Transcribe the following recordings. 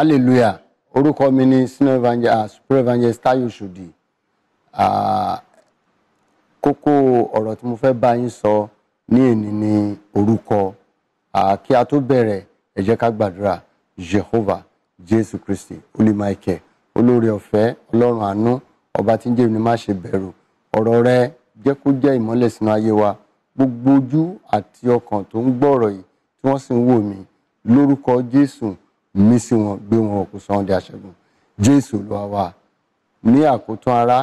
hallelujah orúkọ mi ni senior evangelist ah, super evangelist Táyọ̀ Ṣòdì ah, kókó ọ̀rọ̀ tí mo fẹ́ bá yín sọ ní èní ni orúkọ ah, kí a tó bẹ̀rẹ̀ ẹ ká gbàdúrà Jehovah Jésù Kristi olùmọ̀ẹ́kẹ́ olóore ọ̀fẹ́ ọlọ́run àánú ọba tí ń jẹ́ ìrìn má ṣe bẹ̀rù ọ̀rọ̀ rẹ jẹ́ kó jẹ́ ìmọ́lẹ̀ sínú ayé wa gbogbo ojú àti ọkàn tó ń gbọ́ ọ̀rọ̀ yìí tí wọ́n sì ń wò mí lórúkọ Jésù mí sí wọn gbé wọn òkú sọ́wọ́n di aṣẹ́gun jésù olúwa wa ní àkótán ara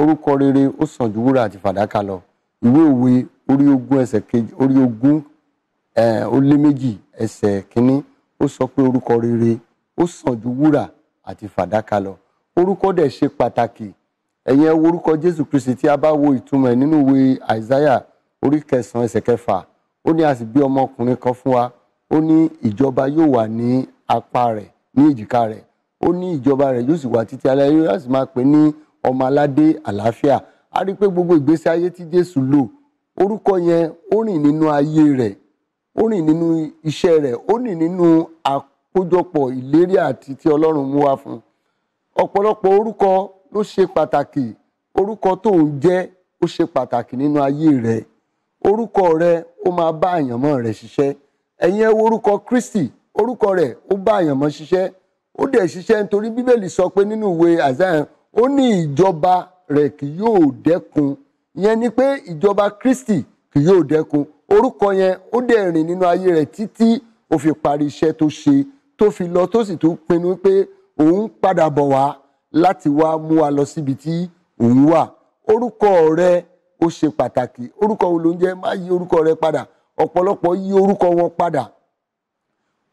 orúkọ rere ó sàn ju wúrà àti fàdákà lọ ìwé òwe orí ogún ẹsẹ̀ kejì orí ogún ó lé méjì ẹsẹ̀ kínní ó sọ pé orúkọ rere ó sàn ju wúrà àti fàdákà lọ orúkọ dẹ̀ ṣe pàtàkì ẹ̀yẹn orúkọ jésù kristi tí a bá wo ìtumọ̀ ẹ̀ nínú ìwé àìsáyà orí kẹsàn-án ẹsẹ̀ kẹfà ó ní a sì bí ọmọkùnrin kan fún wa ó ní ìjọba yóò wà ní apá rẹ̀ ní èjìká rẹ̀ ó ní ìjọba rẹ̀ yóò sì wà títí alẹ́ yóò láti máa pè ní ọmọ aládé àlàáfíà a rí i pé gbogbo ìgbésí ayé tí Jésù lò orúkọ yẹn ó rìn nínú ayé rẹ̀ ó rìn nínú iṣẹ́ rẹ̀ ó rìn nínú àkójọpọ̀ ìlérí àti tí Ọlọ́run mú wá fún un ọ̀pọ̀lọpọ̀ orúkọ ló ṣe pàtàkì orúkọ tó ń jẹ́ ó ṣe pàtàkì nínú ayé rẹ̀ orúkọ rẹ̀ ó máa bá àyànmọ́ rẹ̀ ṣiṣẹ́ ẹ̀yin ẹ wo orúkọ Kristi orúkọ rẹ̀ ó bá àyàn mọ́ ṣiṣẹ́ ó dẹ̀ ṣiṣẹ́ nítorí bíbélì sọ pé nínú ìwé Àìsáyà ó ní ìjọba rẹ̀ kì yóò dẹ́kun ìyẹn ni pé ìjọba Kristi kì yóò dẹ́kun orúkọ yẹn ó dẹ̀ rìn nínú ayé rẹ̀ títí ó fi parí iṣẹ́ tó ṣe tó fi lọ tó sì tún pinnu pé òun padà bọ̀ wá láti wá mú wa lọ síbi tí òun wà orúkọ rẹ̀ ó ṣe pàtàkì orúkọ wo ló ń jẹ́ má yí orúkọ rẹ̀ padà ọ̀pọ̀lọpọ̀ yí orúkọ wọn padà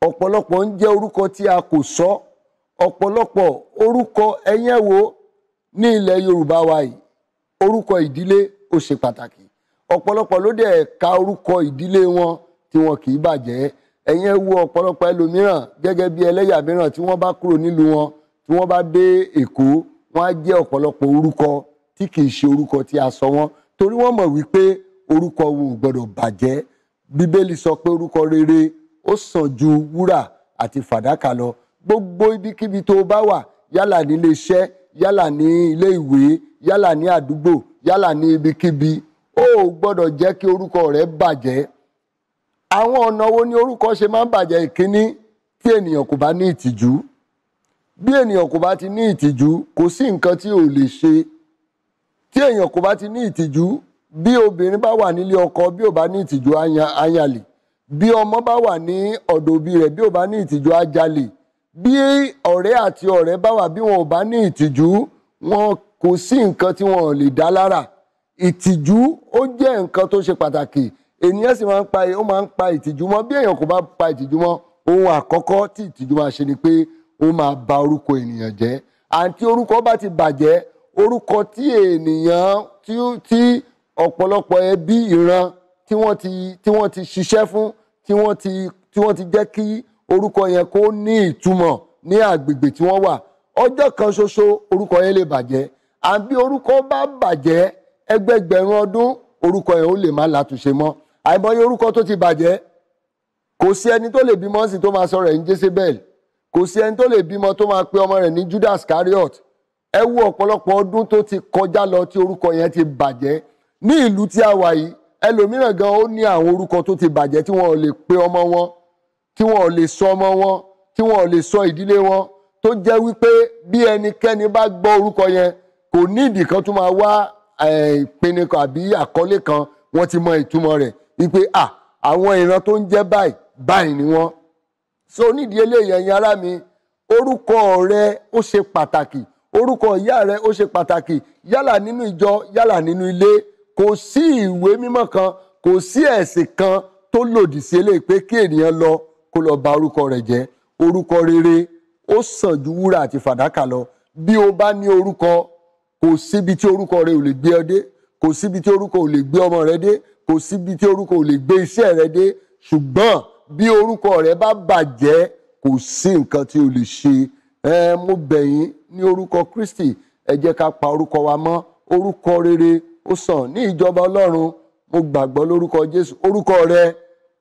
ọ̀pọ̀lọpọ̀ ń jẹ́ orúkọ tí a kò sọ ọ̀pọ̀lọpọ̀ orúkọ ẹ̀yẹ́ wo ní ilẹ̀ Yorùbá wa yìí orúkọ ìdílé ó ṣe pàtàkì ọ̀pọ̀lọpọ̀ ló dẹ̀ ka orúkọ ìdílé wọn tí wọn kì í bàjẹ́ ẹ̀yẹ́ wo ọ̀pọ̀lọpọ̀ ẹlòmíràn gẹ́gẹ́ bí ẹlẹ́yà mìíràn tí wọ́n bá kúrò nílùú wọn tí wọ́n bá dé Èkó wọ́n á jẹ́ ọ̀pọ̀lọpọ̀ orúkọ tí kì í ṣe orúkọ tí a sọ wọ́n torí wọ́n mọ̀ wípé orúkọ wọn gbọ́dọ̀ bàjẹ́ bíbélì sọ pé orúkọ rere ó sàn ju wúrà àti fàdákà lọ gbogbo ibikíbi tó bá wà yálà nílé iṣẹ́ yálà ní ilé ìwé yálà ní àdúgbò yálà ní ibikíbi ó gbọ́dọ̀ jẹ́ kí orúkọ rẹ bàjẹ́ àwọn ọ̀nà wo ni orúkọ ṣe máa ń bàjẹ́ ìkíní tí ènìyàn kò bá ní ìtìjú bí ènìyàn kò bá ti ní ìtìjú kò sí nǹkan tí ò lè ṣe tí èèyàn kò bá ti ní ìtìjú bí obìnrin bá wà nílé ọkọ bí ò bá ní ìtìjú ayàlè bí ọmọ bá wà ní ọ̀dọ̀ òbí rẹ̀ bí ò bá ní ìtìjú ajalè bí ọ̀rẹ́ àti ọ̀rẹ́ bá wà bí wọn ò bá ní ìtìjú wọn kò sí nǹkan tí wọn ò lè dá lára ìtìjú ó jẹ́ nǹkan tó ṣe pàtàkì ènìyàn sì máa ń pa ó máa ń pa ìtìjú mọ́ bí èèyàn kò bá pa ìtìjú mọ́ ohun àkọ́kọ́ tí ìtìjú máa ṣe ni pé ó máa ba orúkọ ènìyàn jẹ́ àti orúkọ bá ti bàjẹ́ orúkọ tí ènìyàn tí ọ̀pọ̀lọpọ̀ ẹbí ìran tí wọ́n ti tí wọ́n ti ṣiṣẹ́ fún tí wọ́n ti tí wọ́n ti jẹ́ kí orúkọ yẹn kó ní ìtumọ̀ ní àgbègbè tí wọ́n wà ọjọ́ kan ṣoṣo orúkọ yẹn lè bàjẹ́ àbí orúkọ bá bàjẹ́ ẹgbẹgbẹ̀rún ọdún orúkọ yẹn ó lè má látúnṣe mọ́ àìmọye orúkọ tó ti bàjẹ́ kò sí ẹni tó lè bímọ sí tó máa sọ rẹ̀ ní Jésébẹ́lì kò sí ẹni tó lè bímọ tó máa pe ọmọ rẹ̀ ní Judas Iscariot ẹ wo ọ̀pọ̀lọpọ̀ ọdún tó ti kọjá lọ tí orúkọ yẹn ti bàjẹ́ ní ìlú tí a wà yìí ẹlòmíràn gan ó ní àwọn orúkọ tó ti bàjẹ́ tí wọ́n lè pe ọmọ wọn tí wọ́n lè sọ ọmọ wọn tí wọ́n lè sọ ìdílé wọn tó jẹ́ wípé bí ẹnikẹ́ni bá gbọ́ orúkọ yẹn kò ní ìdí kan tó máa wá ìpinnu kan àbí àkọlé kan wọ́n ti mọ ìtumọ̀ rẹ̀ wípé à àwọn ìran tó ń jẹ́ báyìí báyìí ni wọ́n. so nídìí eléyìí ẹ̀yin ará mi orúkọ rẹ ó ṣe pàtàkì orúkọ ìyá rẹ ó ṣe pàtàkì yálà nínú ìjọ yálà nínú ilé kò sí ìwé mímọ́ kan kò sí ẹ̀sìn kan tó lòdì sí eléyìí pé kí ènìyàn lọ kó lọ ba orúkọ rẹ̀ jẹ́ orúkọ rere ó sàn ju wúrà àti fàdákà lọ bí o bá ní orúkọ kò síbi tí orúkọ rẹ ò lè gbé ọ dé kò síbi tí orúkọ ò lè gbé ọmọ rẹ dé kò síbi tí orúkọ ò lè gbé iṣẹ́ rẹ dé ṣùgbọ́n bí orúkọ rẹ bá bàjẹ́ kò sí nǹkan tí o lè ṣe ẹ mo bẹ̀ ní orúkọ Kristi ẹ jẹ́ ká pa orúkọ wa mọ́ orúkọ rere ó sàn ní ìjọba ọlọ́run mo gbàgbọ́ lórúkọ jésù orúkọ rẹ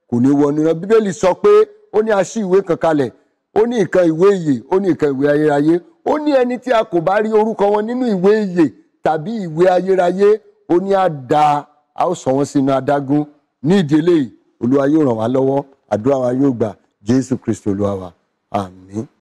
kò ní wọ nínú bíbélì sọ pé ó ní aṣí ìwé kan kalẹ̀ ó ní ìkan ìwé ìyè ó ní ìkan ìwé ayérayé ó ní ẹni tí a kò bá rí orúkọ wọn nínú ìwé ìyè tàbí ìwé ayérayé ó ní á da a ó sọ wọn sínú adágún ní ìdílé olúwa yóò ràn wá lọ́wọ́ àdúrà wa yóò gbà jésù kristi olúwa wa àmín.